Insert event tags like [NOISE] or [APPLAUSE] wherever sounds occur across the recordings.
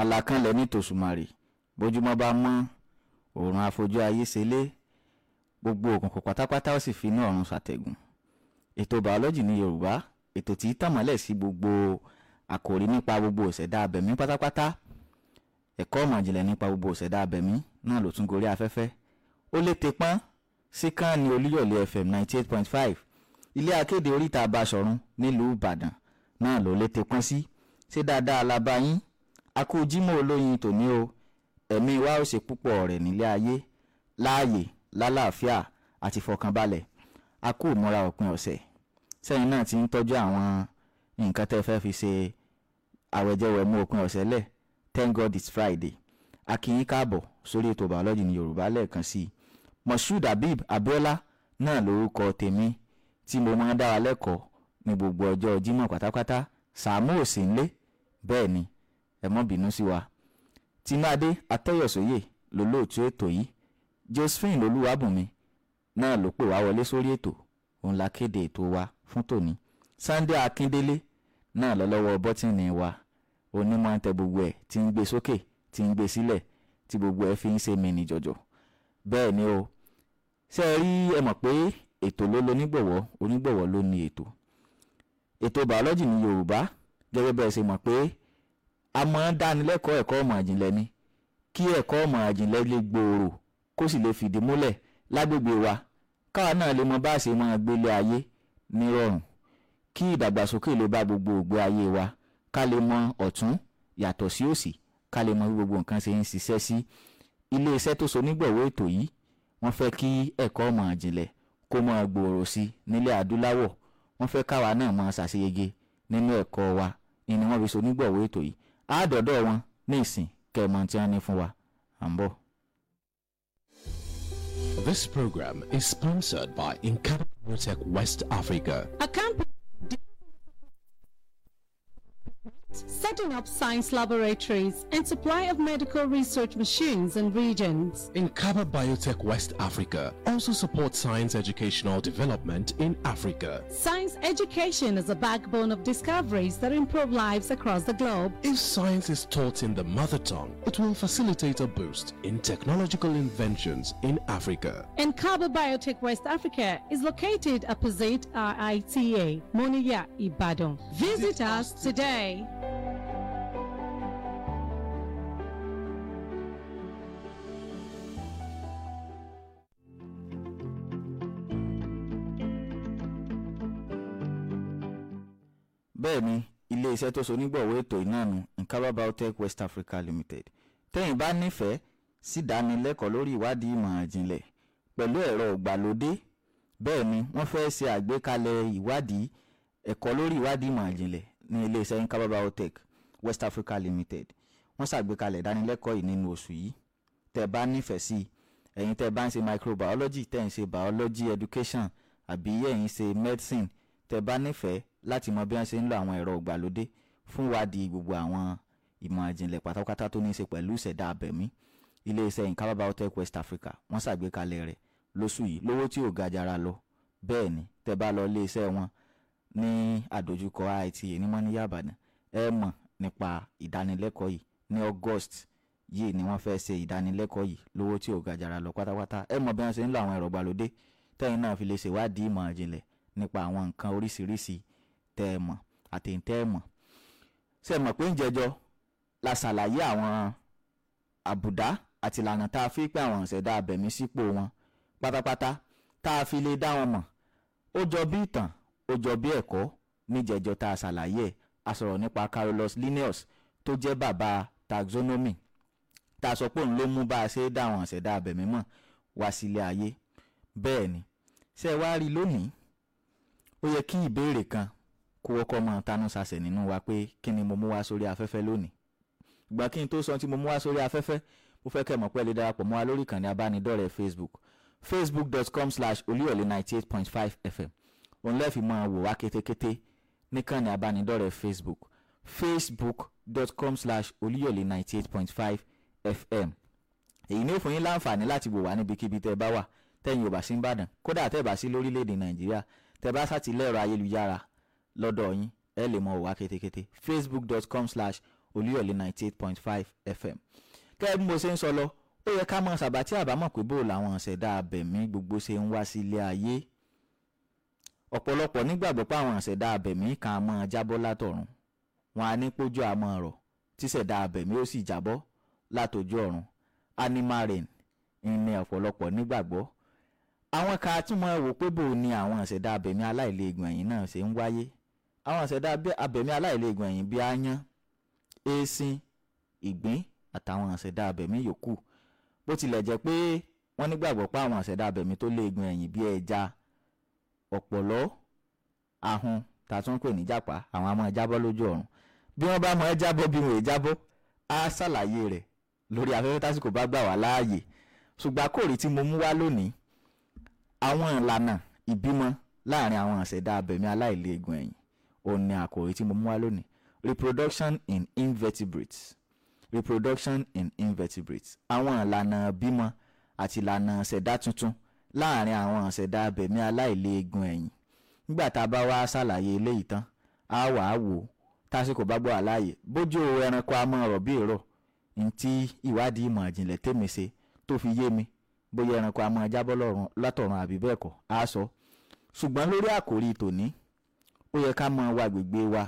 àlàkalẹ̀ ní tòṣùmàrè bójúmọ́ bá mọ́ òòrùn àfojú ayé ṣẹlẹ̀ gbogbo òkùnkùn pátápátá ó sì fi ní ọ̀run ṣàtẹ̀gùn ètò bàọ́lọ́jì ní yorùbá ètò tí í tàmọ́lẹ̀ sí gbogbo àkòrí nípa gbogbo òṣẹ̀dá abẹ̀mí pátápátá ẹ̀kọ́ ọ̀mọ̀ ìjìnlẹ̀ nípa gbogbo òṣẹ̀dá abẹ̀mí náà ló tún gorí afẹ́fẹ́ ó lè tepọ́n sí kànnì olúyọ̀lé fm ninety eight point five ilé akéde oríta abasọ̀run nílùú ìbàdàn náà ló lè tepọ́n sí ṣé dáadáa la bá yín a kú jímọ̀ olóyin tòní o ẹ̀mí wa ó ṣe púpọ̀ rẹ̀ nílé ayé láàyè lálàáfíà àti fọkànbalẹ̀ a kú ìmúra òpin ọ̀sẹ̀ sẹ́yìn náà ti ń tọ́jú àwọn nǹkan tẹ́ fẹ́ fi ṣe àwẹ̀jẹwẹ̀mú òpin ọ̀sẹ̀ lẹ̀ thank god it's friday a kí yín káàbọ̀ sórí ètò bàọ́lọ́jì ní yorùbá lẹ́ẹ̀kan sí i moshood habib abiola náà lórúkọ tèmi tí mo máa ń dára lẹ́kọ̀ọ́ ní gbogbo ọjọ́ jímọ̀ pátápátá sàmú òsínlé bẹ́ẹ̀ ni ẹ má bínú sí wa tinúadé atẹ́yọ̀sóyè lólóòtú ètò yìí josephine lolúwàbùnmi náà ló pè wá wọlé sórí ètò òun la kéde ètò wa fún tòní sunday akíndélé náà lọ́lọ́wọ́ bọ́tìnì wa onímọ̀ tẹ gbogbo ẹ̀ tí ń gbé sókè tí ń gbé sílẹ̀ tí gbogbo ẹ̀ fi ń ṣe mìíní jọ̀jọ̀ bẹ́ẹ̀ ni o ṣe é rí ẹ mọ̀ pé ètò ló lo onígbọ̀wọ́ onígbọ̀wọ́ ló ní ètò ètò bàọ́lọ́jì ní yorùbá gẹ́gẹ́ bẹ́ẹ̀ ṣe mọ̀ pé àmọ́ dánilẹ́kọ̀ọ́ ẹ̀kọ́ ọmọ àjìnlẹ̀ ni kí ẹ̀kọ́ ọmọ àjìnlẹ̀ lè gbòòrò kó sì lè fìdí múlẹ̀ lágbègbè wa káwa náà lè mọ bá a ṣe máa gbélé ayé nírọ̀rùn kí ìdàgbàsókè lè bá gbogbo ògbé ayé wa ká lè mọ ọ̀tún yàtọ̀ sí òsì ká lè mọ bí gbogbo nǹkan ṣe ń ṣiṣẹ́ sí iléeṣẹ́ tó so nígbọ̀wọ́ ètò yìí wọ́n fẹ́ kí ẹ̀kọ́ ọmọ àjìnlẹ̀ kó máa gbòòrò sí nílẹ̀ adúláwọ̀ wọ́n fẹ́ káwa náà máa ṣàṣeyege nínú ẹ̀kọ́ wa ni wọ́n fi so nígbọ̀wọ́ ètò yìí àádọ́dọ̀ wọn ní ìsìn kẹ́ẹ̀mọ́ tí wọ́n ní fún wa à ń bọ̀. This program is sponsored by Incarnate Tech West Africa. A company setting up science laboratories and supply of medical research machines and regions. Inkaba Biotech West Africa also supports science educational development in Africa. Science education is a backbone of discoveries that improve lives across the globe. If science is taught in the mother tongue, it will facilitate a boost in technological inventions in Africa. Inkaba Biotech West Africa is located opposite RITA, Moniya, Ibadan. Visit us today. bẹ́ẹ̀ ni iléeṣẹ́ tó so nígbọ̀wọ́ ètò ìnáànú nkaba biotech west africa limited tẹ́yìn bá nífẹ̀ẹ́ sí dánilẹ́kọ̀ọ́ lórí ìwádìí ìmọ̀ àjìnlẹ̀ pẹ̀lú ẹ̀rọ ògbàlódé bẹ́ẹ̀ ni wọ́n fẹ́ ṣe àgbékalẹ̀ ìwádìí ẹ̀kọ́ lórí ìwádìí ìmọ̀ àjìnlẹ̀ ní iléeṣẹ́ nkaba biotech west africa limited wọ́n ṣàgbékalẹ̀ ìdánilẹ́kọ̀ọ́ yìí nínú oṣù yìí tẹ́ bá nífẹ̀ẹ́ sí ẹ̀yin tẹ́ bá ń ṣe microbiology tẹ́ ṣe biology education àbí ẹ̀yin ṣe medicine tẹ́ bá nífẹ̀ẹ́ láti mọ bí wọ́n ṣe ń lo àwọn ẹ̀rọ ìgbàlódé fún ìwádìí gbogbo àwọn ìmọ̀ ìjìnlẹ̀ pátápátá tó ní í ṣe pẹ̀lú ìṣẹ̀dá abẹ̀mí iléeṣẹ́ Nkaba Biotech West Africa wọ́n ṣàgbékalẹ̀ rẹ̀ lóṣù yìí lówó tí ò ga jara lọ bẹ́ẹ̀ ni tẹ́ bá lọ iléeṣẹ́ wọn ní àdójúkọ IITA nímọ̀ ní Ìbàdàn ẹ mọ̀ nípa ìdánilẹ́kọ̀ọ́ yìí ní August yìí ni wọ́n fẹ́ ṣe ìdánilẹ́kọ̀ọ́ yìí lówó tí ò ga jara lọ pátápátá ẹ mọ̀ bí wọ́n ṣe ń lo àwọn ẹ̀rọ ìgbàlódé tẹ́yìn náà fi lè ṣèwádìí ìmọ̀ ìjìnlẹ̀ nípa àwọn nǹkan oríṣiríṣi tẹ́ ẹ mọ̀ àti tẹ́ ẹ mọ̀ ṣe mọ̀ pé ń jẹjọ la ṣàlàyé àwọn àbùdá àti ìlànà tá a fi pé àwọn ìṣẹ̀dá abẹ̀mí sípò wọn pátápátá tá a fi lè dá wọn mọ̀ ó jọ bí ìtàn ó jọ bí ẹ̀kọ́ níjẹjọ tá a ṣàlàyé a sọ̀rọ̀ nípa Carolus Linnaeus tó jẹ́ bàbá taxonomy tá a sọ pé òun ló mú bá a ṣe dá àwọn ìṣẹ̀dá abẹ̀mí mọ̀ wá sílé ayé bẹ́ẹ̀ ni ṣe wá rí lónìí ó yẹ kí ìbéèrè kan kó wọ́kọ́ máa tanú sasẹ̀ nínú wa pé kí ni mo mú wá sórí afẹ́fẹ́ lónìí ìgbà kí n tó sọ tí mo mú wá sórí afẹ́fẹ́ mo fẹ́ kẹ́ mọ̀ pé lè darapọ̀ mọ́ wa lórí ìkànnì abánidọ́rẹ̀ẹ́ facebook facebook.com slash olúyọ̀lé ninety eight point five fm òun lẹ́ẹ̀fì máa wò wá kétékété níkànnì abánidọ́rẹ̀ẹ́ facebook facebook.com slash olúyọ̀lé ninety eight point five fm èyí ní ó fún yín láǹfààní láti wò wá níbikíbi tẹ́ ẹ bá wà tẹ́yìn ò bá sí ń bàdàn kódà tẹ́ ẹ bá sí lórílẹ̀ nàìjíríà tẹ́ bá ṣàtìlẹ́rọ ayélujára lọ́dọ̀ yín ẹ lè mọ òwá ketekete facebook.com slash olúyọ̀lé ninety eight point five fm. kẹ́ bí mo ṣe ń sọ lọ ó yẹ ká mọ sàbátì àbámọ̀ pé bó làwọn ìṣẹ̀dá abẹ̀mí gbogbo ṣe ń wá sí ilé ayé ọ̀pọ̀lọpọ̀ nígbàgbọ́ pé àwọn ìṣẹ̀dá abẹ̀mí kan á máa jábọ́ látọ̀run wọn á ní pójú àmọ́ ọ̀rọ̀ tíṣẹ̀dá abẹ̀mí ó sì jábọ́ látòjú ọ̀run animal rain ìní ọ̀pọ̀lọpọ̀ nígbàgbọ́ àwọn kan tí mo wò pé bò ni àwọn ìṣẹ̀dá abẹ̀mí aláìlẹ́gùn ẹ̀yìn náà ṣe ń wáyé àwọn ìṣẹ̀dá abẹ̀mí aláìlẹ́gùn ẹ̀yìn bíi aáyán eéṣin ìgbín àtàwọn ìṣẹ̀dá abẹ̀mí yòókù bó tilẹ̀ jẹ́ pé wọ́n nígbàgbọ́ pé àwọn ìṣẹ̀dá abẹ̀mí tó léegun ẹ̀yìn bíi ẹja ọ̀pọ̀lọ́ ahun tá a tún pè ní jápa àwọn amọ̀ ẹjábọ́ lójú ọ̀run bí wọ́n bá mọ ẹjábọ́ bí wọ́n ẹjábọ́ á ṣàlàyé rẹ̀ lórí afẹ́fẹ́ tásìkò bá gbà wá láàyè ṣùgbọ́n àkòrí tí mo mú wá lónìí àwọn ìlànà ìbímọ láàrin àwọn ìṣẹ̀dá abẹ̀mí aláìlẹ́gùn ẹ̀yìn òun ni àkòrí tí mo mú wá lónìí reproduction in invertebrates reproduction in invertebrates àwọn ìlànà ìbímọ àti ìlànà ìṣẹ̀dá tuntun láàrin àwọn ìṣẹ̀dá abẹ̀mí aláìlẹ́gùn ẹ̀yìn nígbà tá a bá wá ṣàlàyé eléyìí tán á wà á wò ó tásìkò bá gbọ́ àláyè bójú ẹranko amọ̀ ọ̀rọ̀ bí èrò ntí ìwádìí ìmọ̀ àjìnlẹ̀ tèmi ṣe tó fi yé mi bóyá ẹranko a máa jábọ́ lọ́rùn látọ̀run àbí bẹ́ẹ̀ kọ́ a sọ ṣùgbọ́n lórí àkòrí tòní ó yẹ ká máa wá gbègbè wa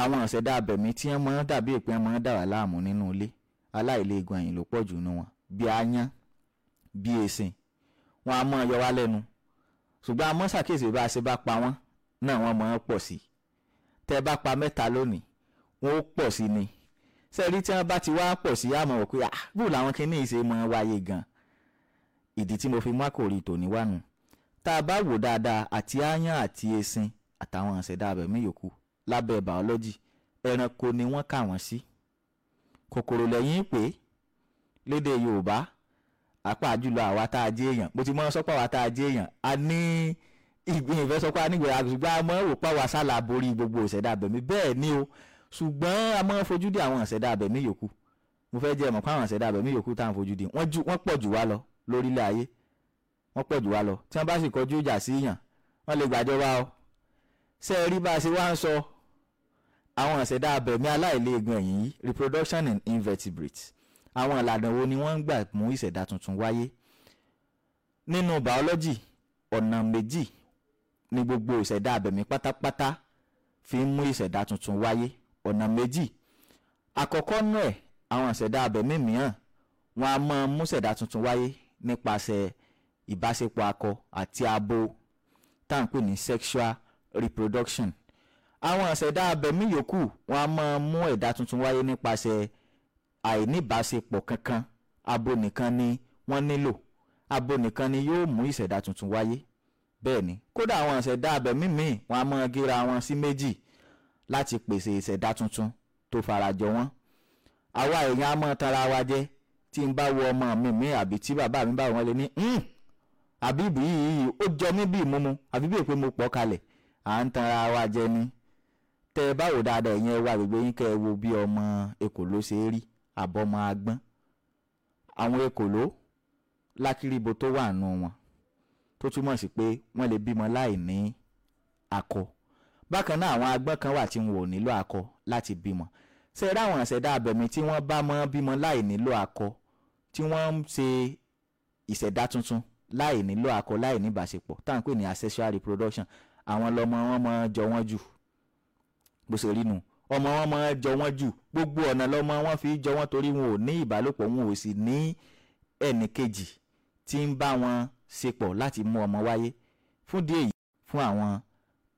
àwọn ọ̀sẹ̀dá abẹ̀mí tí wọ́n máa ń dàbí ìpín wọn máa ń dà wá láàmú nínú ilé aláìléegun ẹ̀yìn ló pọ̀ jù nínú wọn bí aáyán bí èsìn wọn a máa yọ wá lẹ́nu ṣùgbọ́n a máa ṣàkíyèsí bá a ṣe bá pa wọ́n náà wọ́n máa ń pọ̀ sí i tẹ́ bá pa mẹ́ta lónìí wọ́n ó pọ̀ sí ni sẹ́ẹ̀rí tí wọ́n bá ti wá pọ̀ sí àmọ̀ wọ̀ pé ah làwọn kinní ìṣe máa wáyé gan-an ìdí tí mo fi mú àkòrí tòní wá nù tá a bá wò dáadáa àti aáyán àti esin àtàwọn ìṣẹ̀dá abẹ̀mí yòókù lábẹ́ bàọ́lọ́jì ẹranko ni wọ́n kà wọ́n sí kòkòrò lẹ́yìn pé lédè Yorùbá apá jùlọ àwa tá a jẹ́ èèyàn bó ti mọ́ sọ́pọ̀ àwa tá a jẹ́ èèyàn a ní ìgbìyànjú ìfẹ́ sọ́pọ̀ anígbèrè àgbà mọ́ wò pa wá sálà borí gbogbo ìṣẹ̀dá abẹ̀mí bẹ́ẹ̀ ni o ṣùgbọ́n a máa fojú di àwọn ìṣẹ̀dá abẹ̀mí yòókù mo fẹ́ jẹ́ mọ̀ pé àwọn ìṣẹ̀dá abẹ̀mí yòókù tá à ń fojú di wọ́n pọ̀ jù wá lọ lórílẹ̀ ayé wọ́n pọ̀ jù wá lọ tí wọ́n bá sì kọjú ìjà sí yàn wọ́n lè gbàjọba o ṣé ẹ rí bá a ṣe wá ń sọ àwọn ìṣẹ̀dá abẹ̀mí aláìlẹ́gùn ẹ̀yìn yìí reproduction in invertebrates àwọn ìlànà wo ni wọ́n ń gbà mú ìṣẹ̀dá tuntun wáyé nínú biology ọ̀nà méjì ni gbogbo ìṣẹ̀dá abẹ̀mí pátápátá fi ń mú ìṣẹ̀dá tuntun wáyé ọ̀nà méjì àkọ́kọ́ náà àwọn ìṣẹ̀dá abẹ̀mí mìíràn wọ́n á máa mú ìṣẹ̀dá tuntun wáyé nípasẹ̀ ìbáṣepọ̀ akọ àti abo tá à ń pè ní sexual reproduction. àwọn ìṣẹ̀dá abẹ̀mí yòókù wọn a máa mú ẹ̀dá tuntun wáyé nípasẹ̀ àìníbáṣepọ̀ kankan abo nìkan ni wọ́n nílò abo nìkan ni yóò mú ìṣẹ̀dá tuntun wáyé bẹ́ẹ̀ ni kódà àwọn ìṣẹ̀dá abẹ̀mí míì wọn a máa gíra wọn sí méjì láti pèsè ìṣẹ̀dá tuntun tó farajọ wọn àwa èèyàn a máa tanra wa jẹ́ tí n bá wo ọmọ mi mi àbí tí bàbá mi bá wọn lé ní hmm, àbí ibì yìí ó jọ mí bí ìmúmu àbí bí èpè mo pọ̀ kalẹ̀ à ń tanra wa jẹ ni tẹ ẹ bá wò dáadáa ìyẹn wà gbogbo yín kẹ ẹ wo bí ọmọ èkòló ṣe rí àbọ̀mọ agbọ́n àwọn èkòló lákìrìbò tó wà nù wọn tó túmọ̀ sí pé wọ́n lè bímọ láì ní akọ bákan náà àwọn agbọ́n kan wà tí wọn ò nílò akọ láti bímọ ṣe ráwọn àṣẹdá abẹ̀mí tí wọ́n bá mọ́ bímọ láì nílò akọ tí wọ́n ń ṣe ìṣẹ̀dá tuntun láì nílò akọ láì ní ìbáṣepọ̀ tá à ní asexual reproduction àwọn lọmọ wọn máa jọ wọn jù bó ṣe rí nu ọmọ wọn máa jọ wọn jù gbogbo ọ̀nà lọmọ wọn fi jọ wọn torí wọn ò ní ìbálòpọ̀ wọn ò sì ní ẹnì kejì tí ń bá wọn ṣepọ̀ láti mú ọmọ wáyé fún díẹ̀ yìí fún àwọn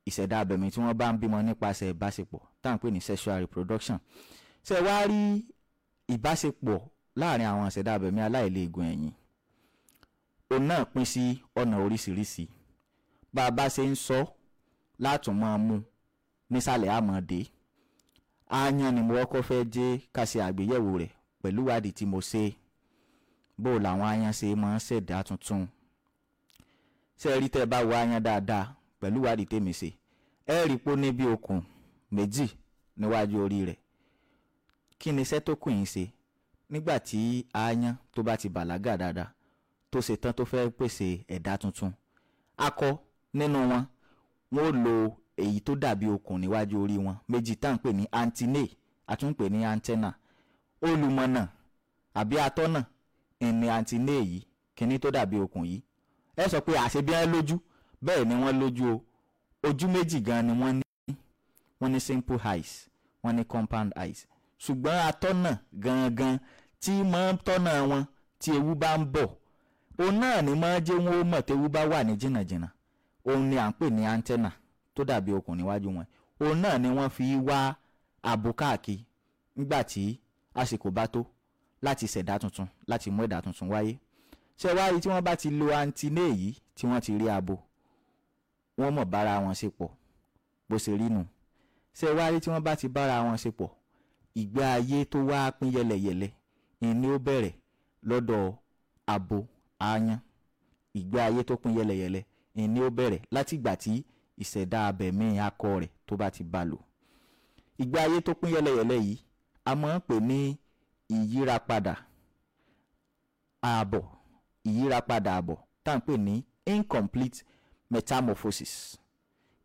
ìṣẹ̀dá abẹ̀mí tí wọ́n bá ń bímọ nípasẹ̀ ìbáṣepọ̀ tá ní sexual reproduction ṣe wá rí ìbáṣepọ̀ láàrin àwọn àṣẹ̀dá abẹ̀mí aláìléegun ẹ̀yìn òun náà pín sí ọ̀nà oríṣiríṣi bá a bá ṣe ń sọ látùn máa mú nísàlẹ̀ àmọ́dé aáyán ni mo kọ́kọ́ fẹ́ jẹ́ ká ṣe àgbéyẹ̀wò rẹ̀ pẹ̀lú ìwádìí tí mo ṣe bó làwọn aáyán ṣe máa ń ṣẹ̀dá tuntun ṣé ẹ rí tẹ́ ẹ bá wo aáyán dáadáa pẹ̀lú ìwádìí tèmi ṣe ẹ rí pó ní bí okùn méjì níwájú orí rẹ̀ kí ni iṣẹ́ tó kù yín ṣe nígbà tí aáyán tó bá ti bàlágà dáadáa tó ṣe tán tó fẹ́ pèsè ẹ̀dá tuntun akọ nínú wọn wọn ò lo èyí tó dàbí okùn níwájú orí wọn méjì tá à ń pè ní antinae àtúnpè ní antenna olùmọ̀nà àbí atọ́nà ìní antinae yìí kíní tó dàbí okùn yìí ẹ sọ pé àṣebíyàn lójú bẹ́ẹ̀ ni wọ́n lójú o ojú méjì gan ni wọ́n ní wọ́n ní simple eyes wọ́n ní compound eyes ṣùgbọ́n atọ́nà gangan tí máa ń tọ́nà wọn tí ewu bá ń bọ̀ òun náà ni máa jẹ́ wọn ó mọ̀ tí ewu bá wà ní jìnnàjìnnà òun ni à ń pè ní antenna tó dàbí okùn níwájú wọn òun náà ni wọ́n fi wá ààbò káàkiri nígbà tí àsìkò bá tó láti ṣẹ̀dá tuntun láti mú ẹ̀dá tuntun wáyé ṣé wá tí wọ́n bá ti lo antiné yìí tí wọ́n ti rí abo wọ́n mọ̀ bára wọn ṣe pọ̀ bó ṣe rí nù ṣé wá rí tí wọ́n bá ti bára wọn ṣe pọ̀ ìgbé ayé tó wá pín yẹlẹyẹlẹ ìní ó bẹ̀rẹ̀ lọ́dọ̀ abo aáyán ìgbé ayé tó pín yẹlẹyẹlẹ ìní ó bẹ̀rẹ̀ látìgbà tí ìṣẹ̀dá abẹ̀mí akọ rẹ̀ tó bá ti bá lò ìgbé ayé tó pín yẹlẹyẹlẹ yìí a máa ń pè ní ìyírapadà ààbọ̀ ìyírapadà ààbọ̀ tá à ń pè ní incomplete metamorphosis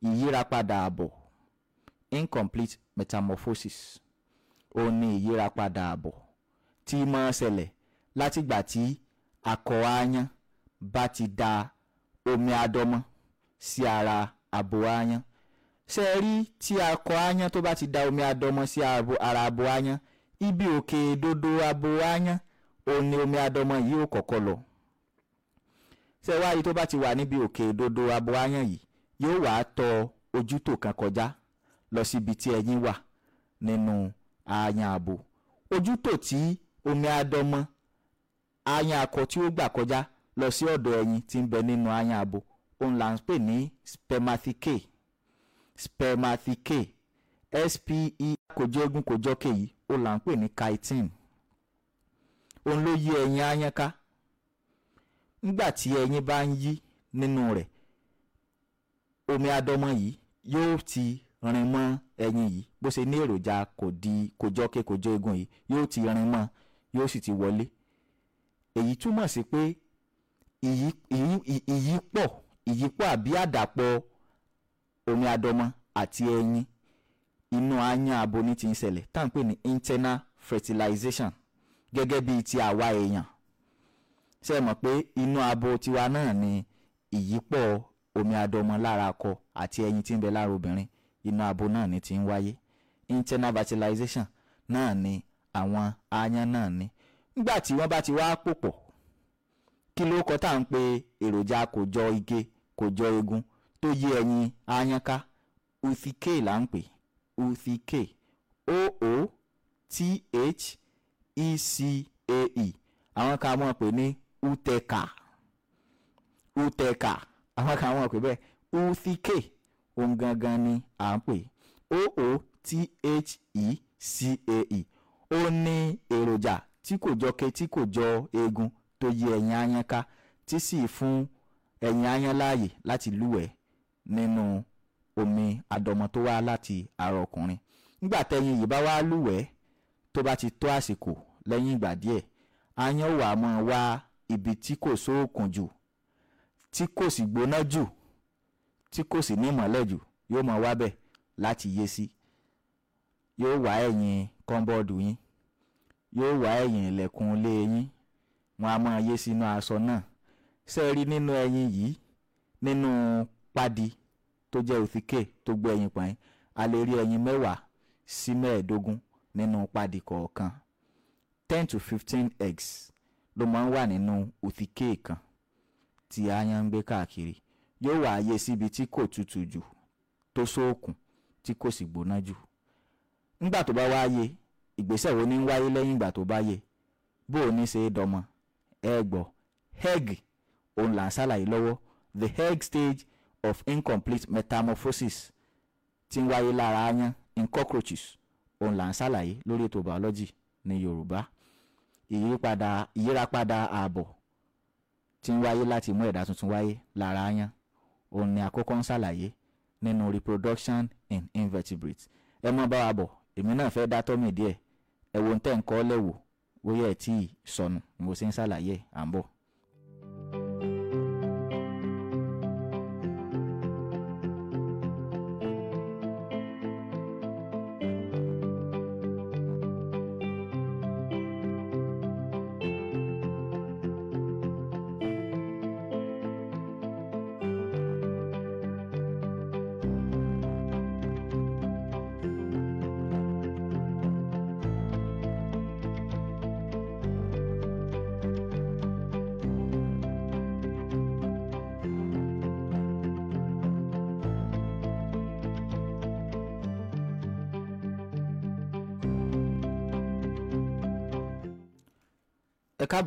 ìyírapadà ààbọ̀ incomplete metamorphosis ó ní ìyírapadà ààbọ̀ tí máa ṣẹlẹ̀ látìgbà tí akọ aáyán bá ti da omi adọmọ sí ara abo aáyán ṣe rí tí akọ aáyán tó bá ti da omi adọmọ sí ara abo aáyán ibi òkè dodo abo aáyán òun ni omi adọmọ yìí ó kọ́kọ́ lọ ṣe wá rí tó bá ti wà níbi òkè dodo abo aáyán yìí yóò wá tọ ojútò kan kọjá lọ síbi tí ẹyin wà nínú aáyán abo ojútò tí omi adọmọ ayan akọ tí ó gbà kọjá lọ sí ọ̀dọ̀ ẹyin tí ń bẹ nínú ayan abo òun là ń pè ní spermathecae spermathecae spe kò jẹ́ egun kò jọ kéyìí òun là ń pè ní chitin òun ló yí ẹyin ayan ká nígbà tí ẹyin bá ń yí nínú rẹ̀ omi adọmọ yìí yóò ti rin mọ́ ẹyin yìí bó ṣe ní èròjà kò di kò jọ yìí yóò ti rin mọ́ yóò sì ti wọlé èyí túmọ̀ sí pé ìyípọ̀ ìyípọ̀ àbí àdàpọ̀ omi àdọmọ àti ẹyin inú ayan abo ní ti ń ṣẹlẹ̀ tá à pè ní internal fertilization gẹ́gẹ́ bíi ti àwa èèyàn ṣe mọ̀ pé inú abo tiwa náà ni ìyípọ̀ omi àdọmọ lára akọ àti ẹyin ti ń bẹ lára obìnrin inú abo náà ni ti ń wáyé internal fertilization náà ni àwọn aáyán náà ní nígbà tí wọ́n bá ti wá pò kí ló kọ tá à ń pe èròjà kò jọ ike kò jọ eegun tó yí ẹyin aáyán ká uthk là ń pè uthk o-o-t-h-e-c-a-e e. àwọn kan mọ̀ pé ní uteka uteka àwọn kan mọ̀ pé bẹ́ẹ̀ uthk òun gangan ni à ń pè o-o-t-h-e-c-a-e ó ní èròjà tí kò jọ ke tí kò jọ eegun tó yí ẹ̀yìn ayan ká tí sì fún ẹ̀yìn ayan láàyè láti lúwẹ̀ẹ́ nínú omi àdọ̀mọ́ tó wá láti ara ọkùnrin nígbà tẹ́yìn yìí bá wá lúwẹ̀ẹ́ tó bá ti tó àsìkò lẹ́yìn ìgbà díẹ̀ ayan wà mọ́ wá ibi tí kò sóòkùn jù tí kò sì gbóná jù tí kò sì ní ìmọ́lẹ̀ jù yóò mọ̀ wá bẹ̀ láti yé sí yóò wá ẹ̀yìn kọ́ńbọ́ọ̀dù yín yóò wá ẹ̀yìn ilẹ̀kùn ilé yín wọn a máa yé sínú aṣọ náà ṣe rí nínú ẹyin yìí nínú pádi tó jẹ́ òtíkè tó gbé ẹyin pọ̀n yín a lè rí ẹyin mẹ́wàá sí mẹ́ẹ̀ẹ́dógún nínú pádi kọ̀ọ̀kan ten to fifteen eggs ló máa ń wà nínú òtíkè kan tí aáyán ń gbé káàkiri yóò wá yé síbi tí kò tutù jù tó sóòkùn tí kò sì gbóná jù ńgbà tó bá wá yé ìgbésẹ̀ wo ní ń wáyé lẹ́yìn ìgbà tó bá yé bó o ní ṣe é dọmọ ẹ gbọ́ egg òun là ń ṣàlàyé lọ́wọ́ the egg stage of incomplete metamorphosis tí ń wáyé lára aáyán in cockroaches òun là ń ṣàlàyé lórí ètò biology ní Yorùbá ìyípadà ìyírapadà ààbọ̀ tí ń wáyé láti mú ẹ̀dá tuntun wáyé lára aáyán òun ni àkọ́kọ́ ń ṣàlàyé nínú reproduction in invertebrates ẹ mọ́ bá wa bọ̀ èmi náà fẹ́ dá tọ́mì díẹ̀ ẹ wo ń tẹ̀ ń kọ́ lẹ́wọ̀ bóyá ẹ̀ tí ì sọnù mo ṣe ń ṣàlàyé à ń bọ̀.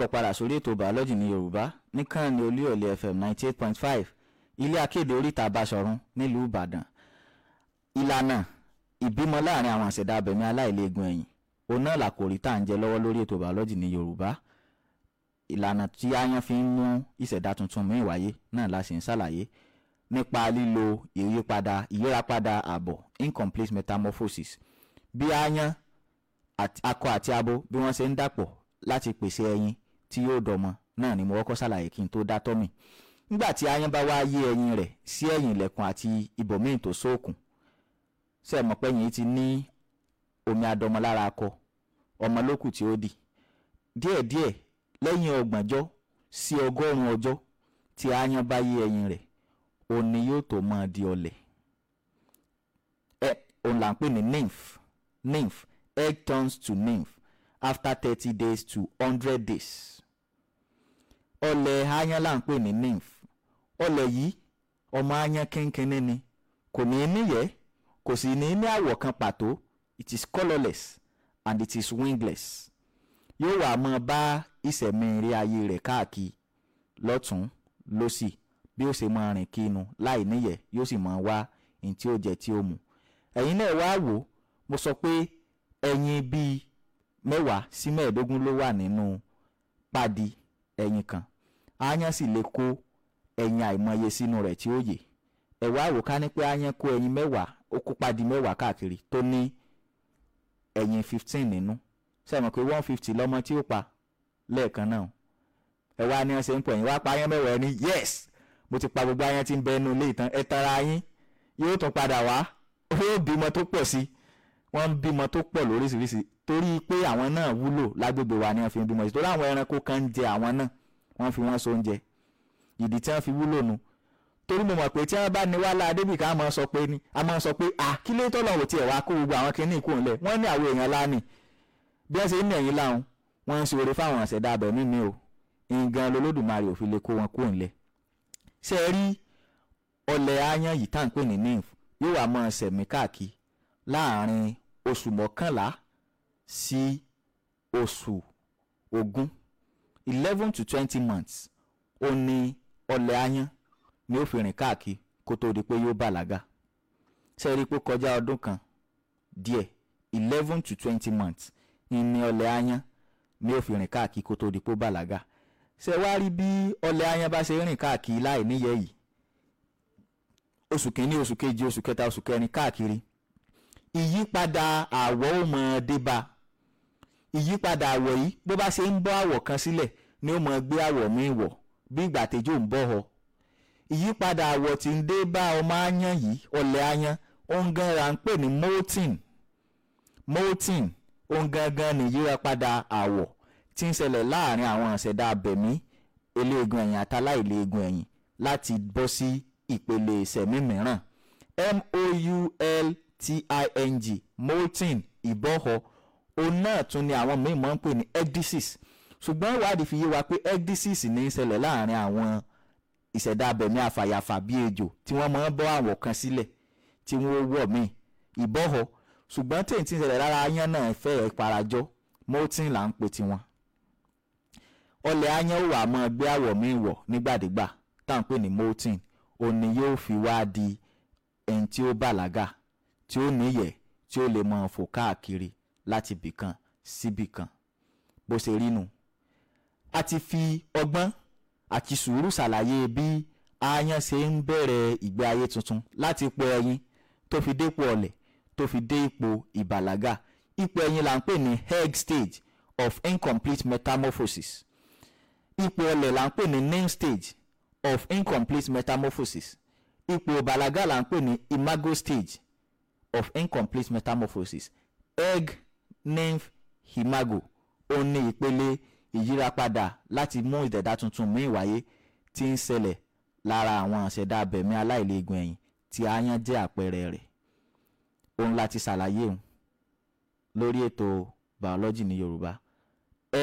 káàbọ̀ padà sórí ètò bàọ́lọ́jì ní yorùbá níkànnì olúyọ̀lé fm ninety eight point five ilé akéde oríta Basọ̀run nílùú ìbàdàn ìlànà ìbímọ láàrin àwọn àṣẹ̀dá abẹ̀mí aláìlẹ́gùn ẹ̀yìn òun náà làkòrí tá à ń jẹ lọ́wọ́ lórí ètò bàọ́lọ́jì ní yorùbá ìlànà tí aáyán fi ń mú ìṣẹ̀dá tuntun mí wáyé náà la sì ń ṣàlàyé nípa lílo ìyípadà ìyírapadà àbọ̀ incomplete metamorphosis bí aáyán akọ àti abo bí wọ́n ṣe ń dàpọ̀ láti pèsè ẹyin tí yóò dọmọ náà ni mo kọ́kọ́ ṣàlàyé kí n tó dá tọ́mì nígbà tí ayán bá wá yé ẹyin rẹ̀ sí ẹ̀yìn ilẹ̀kùn àti ibòmíì tó sóòkùn yìí ti ní omi adọmọlára akọ ọmọ lókù tí ó dì díẹ̀díẹ̀ lẹ́yìn ọgbọ̀njọ́ sí ọgọ́rùn-ún ọjọ́ tí ayán bá yé ẹyin rẹ̀ yóò tó máa di ọlẹ̀ ẹ òun là ń pè ní nymph nymph egg turns to nymph after thirty days to hundred days ọlẹ̀ aáyán là ń pè ní nymph ọlẹ̀ yìí ọmọ aáyán kínkínní ni kò ní níyẹ́ kò sì ní ní àwọ̀ kan pàtó it is colourless and it is wingless yóò wá máa bá ìṣẹ̀mí eré ayé rẹ̀ káàkiri lọ́tún lọ́sì bí ó ṣe máa rìn kínu láì níyẹ̀ yóò sì máa wá ní tí ó jẹ tí ó mu ẹ̀yin náà wá wò mo sọ pé ẹyin bíi mẹ́wàá sí mẹ́ẹ̀ẹ́dógún ló wà nínú pádi ẹyin kan aáyán sì lè kó ẹyin àìmọye sínú rẹ̀ tí ó yè ẹ̀wá àwò ká ní pé aáyán kó ẹyin mẹ́wàá ó kó pádi mẹ́wàá káàkiri tó ní ẹyin fifteen nínú sẹ́mi pé one fifty lọ́mọ tí ó pa lẹ́ẹ̀kan náà ẹ̀wá ni wọ́n ṣe ń pọ̀ yín wá pa aáyán mẹ́wàá ẹni yes mo ti pa gbogbo aáyán tí ń bẹ inú ilé ìtàn ẹ tara yín yóò tún padà wá yóò bímọ tó pọ̀ sí wọ́n ń bímọ tó pọ̀ lóríṣiríṣi torí pé àwọn náà wúlò lágbègbè wa ni wọ́n fi bímọ ìtòrí àwọn ẹranko kan ń jẹ àwọn náà wọ́n fi wọ́n sóúnjẹ ìdí tí wọ́n fi wúlò nu torí mọ̀ pé tí wọ́n bá ní wàhálà adébìkà á máa sọ pé ni máa sọ pé à kí tọ́lọ̀ wò tiẹ̀ wá kó gbogbo àwọn ńlẹ̀ wọ́n ní àwọn èèyàn lánìí bí láwọn wọ́n ń fáwọn nínú o nǹkan lolódùmarè ò fi lè kó wọn ńlẹ̀ ṣe é rí ọlẹ̀ sí oṣù ogún eleven to twenty months ó ní ọlẹ̀ ayán ni ó fi rìn káàkiri kó tó di pé yóò bàlágà ṣe rí i pé kọjá ọdún kan díẹ̀ eleven to twenty months ni ọlẹ̀ ayán ni ó fi rìn káàkiri kó tó di pé ó bàlágà ṣe wá rí bí ọlẹ̀ ayán bá ṣe rìn káàkiri láì níyẹ̀ yìí oṣù kìíní oṣù kejì oṣù kẹta oṣù kẹrin káàkiri ìyípadà àwọ̀ ó bá a ìyípadà àwọ̀ yìí bó bá ṣe ń bọ́ àwọ̀ kan sílẹ̀ ni ó máa gbé àwọ̀ míì wọ̀ bí ìgbà tẹ́jọ́ ń bọ́ ọ ìyípadà àwọ̀ tí ń dé bá ọmọ aáyán yìí ọ̀lẹ̀ aáyán òun gangan ń pè ní molting molting òun gangan nìyírapadà àwọ̀ tí ń ṣẹlẹ̀ láàrin àwọn àṣẹ̀dá abẹ̀mí eléegun ẹ̀yìn àtàláìléegun ẹ̀yìn láti bọ́ sí ìpele ìṣẹ̀mí mìíràn m-o-u-l-t-i-n-g molting ìbọ́họ̀ òun náà tún ni àwọn míì máa ń pè ní ecdysis ṣùgbọ́n ìwádìí fi yé wa pé ecdysis ní í ṣẹlẹ̀ láàrin àwọn ìṣẹ̀dá abẹ̀mí àfàyàfà bíi ejò tí wọ́n máa ń bọ́ àwọ̀ kan sílẹ̀ tí wọ́n wọ̀ míì ìbọ́họ̀ ṣùgbọ́n tí èyí ti ṣẹlẹ̀ lára ayán náà fẹ́ẹ̀ parajọ́ molting là ń pè tiwọn ọlẹ̀ ayán wà máa gbé àwọ̀ míì wọ̀ nígbàdégbà tá à ń pè ní molting òun yóò fi wá di ẹni tí ó bàlágà tí ó níyẹ̀ tí ó lè máa fò káàkiri láti bìkan síbìkan bó ṣe rí nu a ti fi ọgbọ́n àti sùúrù ṣàlàyé bí aáyán ṣe ń bẹ̀rẹ̀ ìgbé ayé tuntun láti ipò ẹyin tó fi dépò ọlẹ̀ tó fi dé ipò ìbàlágà ipò ẹyin là ń pè ní egg stage of incomplete metamorphosis ipò ọlẹ̀ là ń pè ní nymph stage of incomplete metamorphosis ipò ìbàlágà là ń pè ní imago stage of incomplete metamorphosis egg nymph himago, ó ní ìpele ìyírapadà láti mú ìṣẹ̀dá tuntun míì wáyé tí ń ṣẹlẹ̀ lára àwọn ìṣẹ̀dá abẹ̀mí aláìlẹ́gun ẹ̀yìn tí aáyán jẹ́ àpẹẹrẹ rẹ̀ òun la ti ṣàlàyé òun lórí ètò biology ní Yorùbá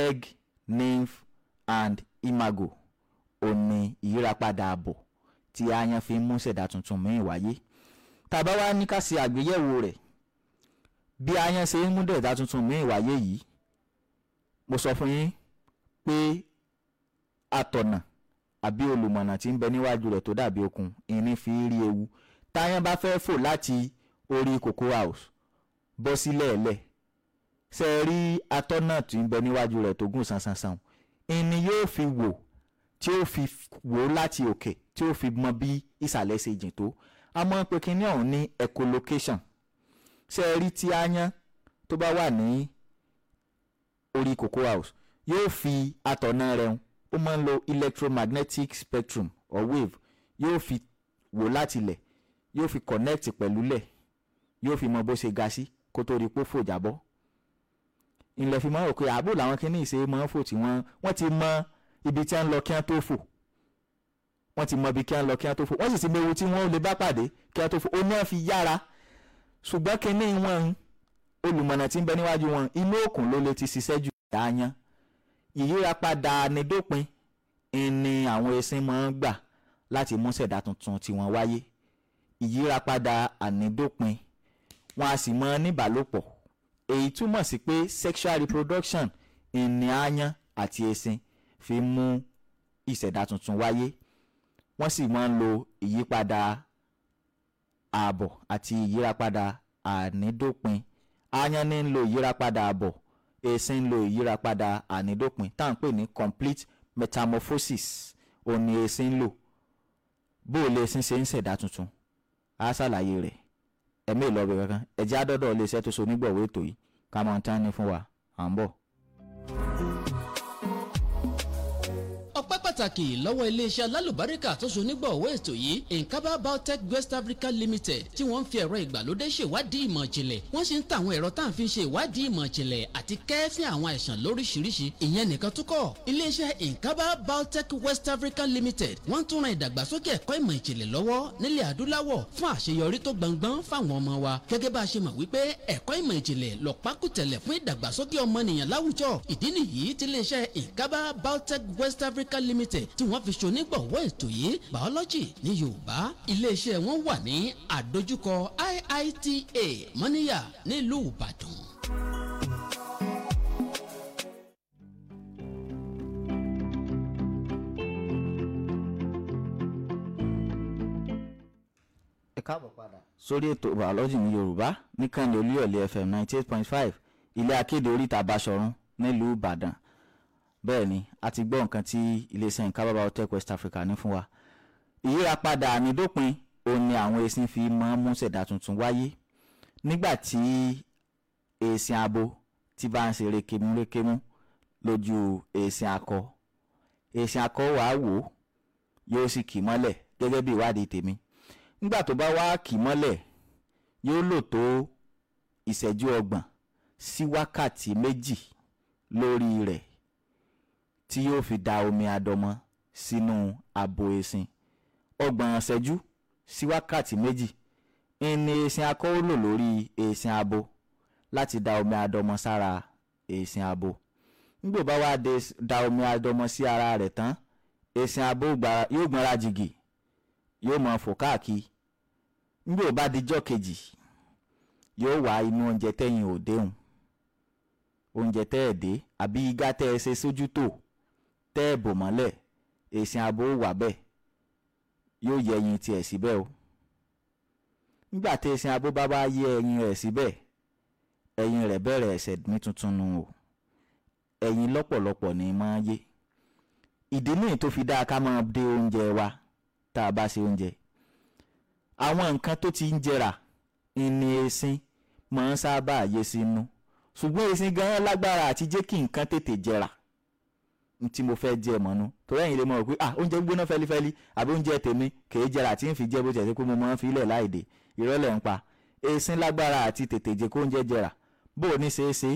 egg nymph and imago òun ni ìyírapadà àbọ̀ tí aáyán fi ń mú ìṣẹ̀dá tuntun míì wáyé tá bá wá ní ká ṣe àgbéyẹ̀wò rẹ̀ bí ahọ́n ṣe ń mú dẹ̀dá tuntun mí ìwáyé yìí mo sọ fún yín pé atọ̀nà àbí olùmọ̀nà tí ń bẹ níwájú rẹ̀ tó dàbí okùn ìní fi ń rí ewu táyán bá fẹ́ fò láti orí cocoa house bọ́ sílẹ̀ ẹ̀lẹ̀ ṣe é rí atọ́nà tí ń bẹ níwájú rẹ̀ tó gùn sánsánsán ìní yóò fi wò tí ó fi wò láti òkè tí ó fi mọ bí ìsàlẹ̀ ṣe jìn tó a mọ̀ pé kinní ọ̀hún ní echolocation ṣe ẹ rí tí aáyán tó bá wà ní orí cocoa house yóò fi atọ̀nà rẹ̀ hun ó máa ń lo electromagnetic spectrum or wave yóò fi wò láti lẹ̀ yóò fi connect pẹ̀lú lẹ̀ yóò fi mọ bó ṣe ga sí kó tó rí pé fò jábọ́ ìlẹ̀ fi máa rò pé àbò làwọn kìíní ìṣe máa ń fò tí wọ́n wọ́n ti mọ ibi tí wọ́n ń lọ kí wọ́n tó fò wọ́n ti mọ ibi kí wọ́n lọ kí wọ́n tó fò wọ́n sì ti mọ ewu tí wọ́n lè bá pàdé kí wọ́n tó fò ó náà fi yára ṣùgbọ́n kínní wọn olùmọ̀nà tí ń bẹ níwájú wọn inú òkun ló lè ti ṣiṣẹ́ ju ìdáyán ìyíra padà nídópin ni àwọn ẹṣin máa ń gbà láti mú ṣẹ̀dá tuntun tí wọ́n wáyé ìyíra padà ànídópin wọn a sì mọ níbàlòpọ̀ èyí túmọ̀ sí pé sexual reproduction ìní àyàn àti ẹṣin fi mú ìṣẹ̀dá tuntun wáyé wọ́n sì máa ń lo ìyípadà ààbọ̀ àti ìyírapadà ànídópin aáyán ní ń lo ìyírapadà ààbọ̀ esin ń lo ìyírapadà ànídópin tá à ń pè ní complete metamorphosis òun ni esin ń lò bó o lè sin ṣe ń ṣẹ̀dá tuntun á ṣàlàyé rẹ̀ ẹ̀mí ìlọ́bẹ̀ kankan ẹ̀jẹ̀ á dọ́dọ̀ iléeṣẹ́ tó so nígbọ̀wọ́ ètò yìí ká mọ̀ ohun tí fún wa à ń bọ̀. thank you ọpẹ́ pàtàkì lọ́wọ́ iléeṣẹ́ alálùbáríkà tó so nígbọ̀wọ́ ètò yìí nkaba biotech west africa limited tí wọ́n ń fi ẹ̀rọ ìgbàlódé ṣèwádìí ìmọ̀ ìjìnlẹ̀ wọ́n sì ń ta àwọn ẹ̀rọ tá à ń fi ṣe ìwádìí ìmọ̀ ìjìnlẹ̀ àti kẹ́ẹ́fín àwọn àìsàn lóríṣiríṣi ìyẹn nìkan tó kọ́ iléeṣẹ́ nkaba biotech west africa limited wọ́n tún ran ìdàgbàsókè ẹ̀kọ́ ìmọ̀ ìjìnlẹ̀ lọ́wọ́ nílẹ̀ adúláwọ̀ fún àṣeyọrí tó gbangban fáwọn ọmọ wa gẹ́gẹ́ bá a ṣe mọ̀ wípé ẹ̀kọ́ ìmọ̀ ìjìnlẹ̀ lọ̀pákùtẹ̀lẹ̀ fún ìdàgbàsókè ọmọnìyàn láwùjọ ìdí nìyí tí iléeṣẹ́ nkaba biotech west africa africa limited tí wọ́n fi ṣonígbọ̀wọ́ ètò yìí biology ní yorùbá iléeṣẹ́ wọn wà ní àdójúkọ iita mọ́níyà nílùú ìbàdàn. sórí ètò biology ní yorùbá níkànnì olúyọ̀lé fm ninety eight point five ilé akéde oríta basọ̀run nílùú ìbàdàn bẹ́ẹ̀ ni a ti gbọ́ nǹkan tí iléeṣẹ́ nǹkan hotel West Africa ní fún wa ìyírapadà àmìdópin òun ni àwọn eṣin fi máa ń mú ṣẹ̀dá tuntun wáyé nígbà tí eṣin abo ti bá ń ṣe rékémúrékémú lójú eṣin akọ eṣin akọ wàá wò ó yóò sì kì mọ́lẹ̀ gẹ́gẹ́ bí ìwádìí tèmi nígbà tó bá wá kì mọ́lẹ̀ yóò lò tó ìṣẹ́jú ọgbọ̀n sí wákàtí méjì lórí rẹ̀ tí yóò fi da omi àdọ̀mọ́ sínú abo eṣin ọgbọ̀n ìṣẹ́jú sí wákàtí méjì ni eṣin akọ ó lò lórí eṣin abo láti da omi àdọ̀mọ sára eṣin abo nígbò bá wá da omi àdọ̀mọ sí ara rẹ̀ tán eṣin abo yóò gbọ́nra jìgì yóò mọ̀ fò káàkiri nígbò bá dijọ́ kejì yóò wá inú oúnjẹ tẹ́yìn òdehùn oúnjẹ tẹ́ ẹ̀ dé àbí igá tẹ́ ẹ ṣe sójú tò tẹ́ ẹ̀bò mọ́lẹ̀ èsìn abo wà bẹ́ẹ̀ yóò yẹ ẹyin tiẹ̀ síbẹ̀ o nígbà tí èsìn abo bá bá yẹ ẹyin rẹ̀ síbẹ̀ ẹyin rẹ̀ bẹ̀rẹ̀ ẹ̀ṣẹ̀ ní tuntun nu o ẹyin lọ́pọ̀lọpọ̀ ni máa yé ìdí nìyí tó fi dáa ká máa dé oúnjẹ wa tá a bá ṣe oúnjẹ àwọn nǹkan tó ti ń jẹrà ìní èsìn máa ń sábà yé sínú ṣùgbọ́n èsìn gan-an lágbára àti jẹ́ kí nǹkan tètè jẹrà tí mo fẹ́ jẹ mọ́nú torí ẹ̀yin lè mọ̀ pé ah oúnjẹ gbóná fẹ́lifẹ́li àbí oúnjẹ tèmi kèé jẹrà tí ń fi jẹ bó tẹ̀sí pé mo máa ń fi ilẹ̀ láìdè ìrọ́lẹ̀ ń pa èsìn lágbára àti tètè jẹ kó oúnjẹ jẹrà bó o ní ṣe é ṣe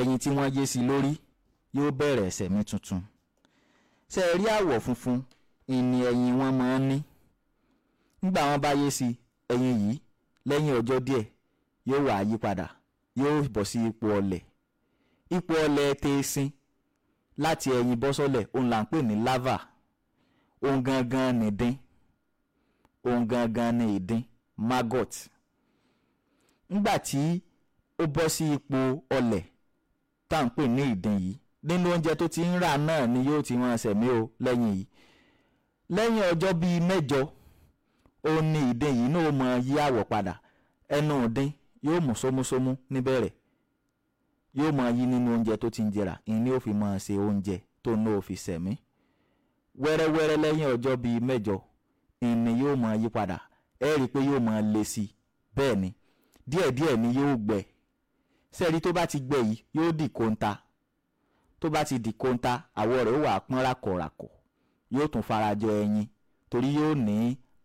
ẹ̀yin tí wọ́n yé sí lórí yóò bẹ̀rẹ̀ ẹ̀sẹ̀ mi tuntun ṣe rí àwọ̀ funfun ìní ẹ̀yin wọn máa ń ní nígbà wọn bá yé sí ẹ̀yin yìí lẹ́yìn ọjọ́ díẹ̀ yóò wá yípadà yóò bọ̀ sí ipò ọlẹ̀ ipò ọlẹ̀ tẹ̀sìn láti ẹyin bọ́ sọ́lẹ̀ òun là ń pè ní lava òun gangan ni ìdín òun gangan ni ìdín maggot nígbà tí ó bọ́ sí ipò ọlẹ̀ tá à ń pè ní ìdín yìí nínú oúnjẹ tó ti ń rà náà ni yóò ti ran ṣẹ̀mí o lẹ́yìn yìí lẹ́yìn ọjọ́ bíi mẹ́jọ òun ni ìdín yìí náà mọ yí àwọ̀ padà ẹnu ìdín yóò mú sómúsómú níbẹ̀rẹ̀ yóò máa yí nínú oúnjẹ tó ti ń jẹrà ìní ò fi máa ṣe oúnjẹ tó náà fi sẹ̀mí wẹ́rẹ́wẹ́rẹ́ lẹ́yìn ọjọ́ bíi mẹ́jọ ìní yóò máa yí padà ẹ rí i pé yóò máa le sí i bẹ́ẹ̀ ni díẹ̀díẹ̀ ni yóò gbẹ sẹ́ẹ̀rí tó bá ti gbẹ yìí yóò dì kóńtà tó bá ti dì kóńtà àwọ̀ rẹ̀ ó wà pọ́n rákọ̀rákọ̀ yóò tún farajọ ẹyin torí yóò ní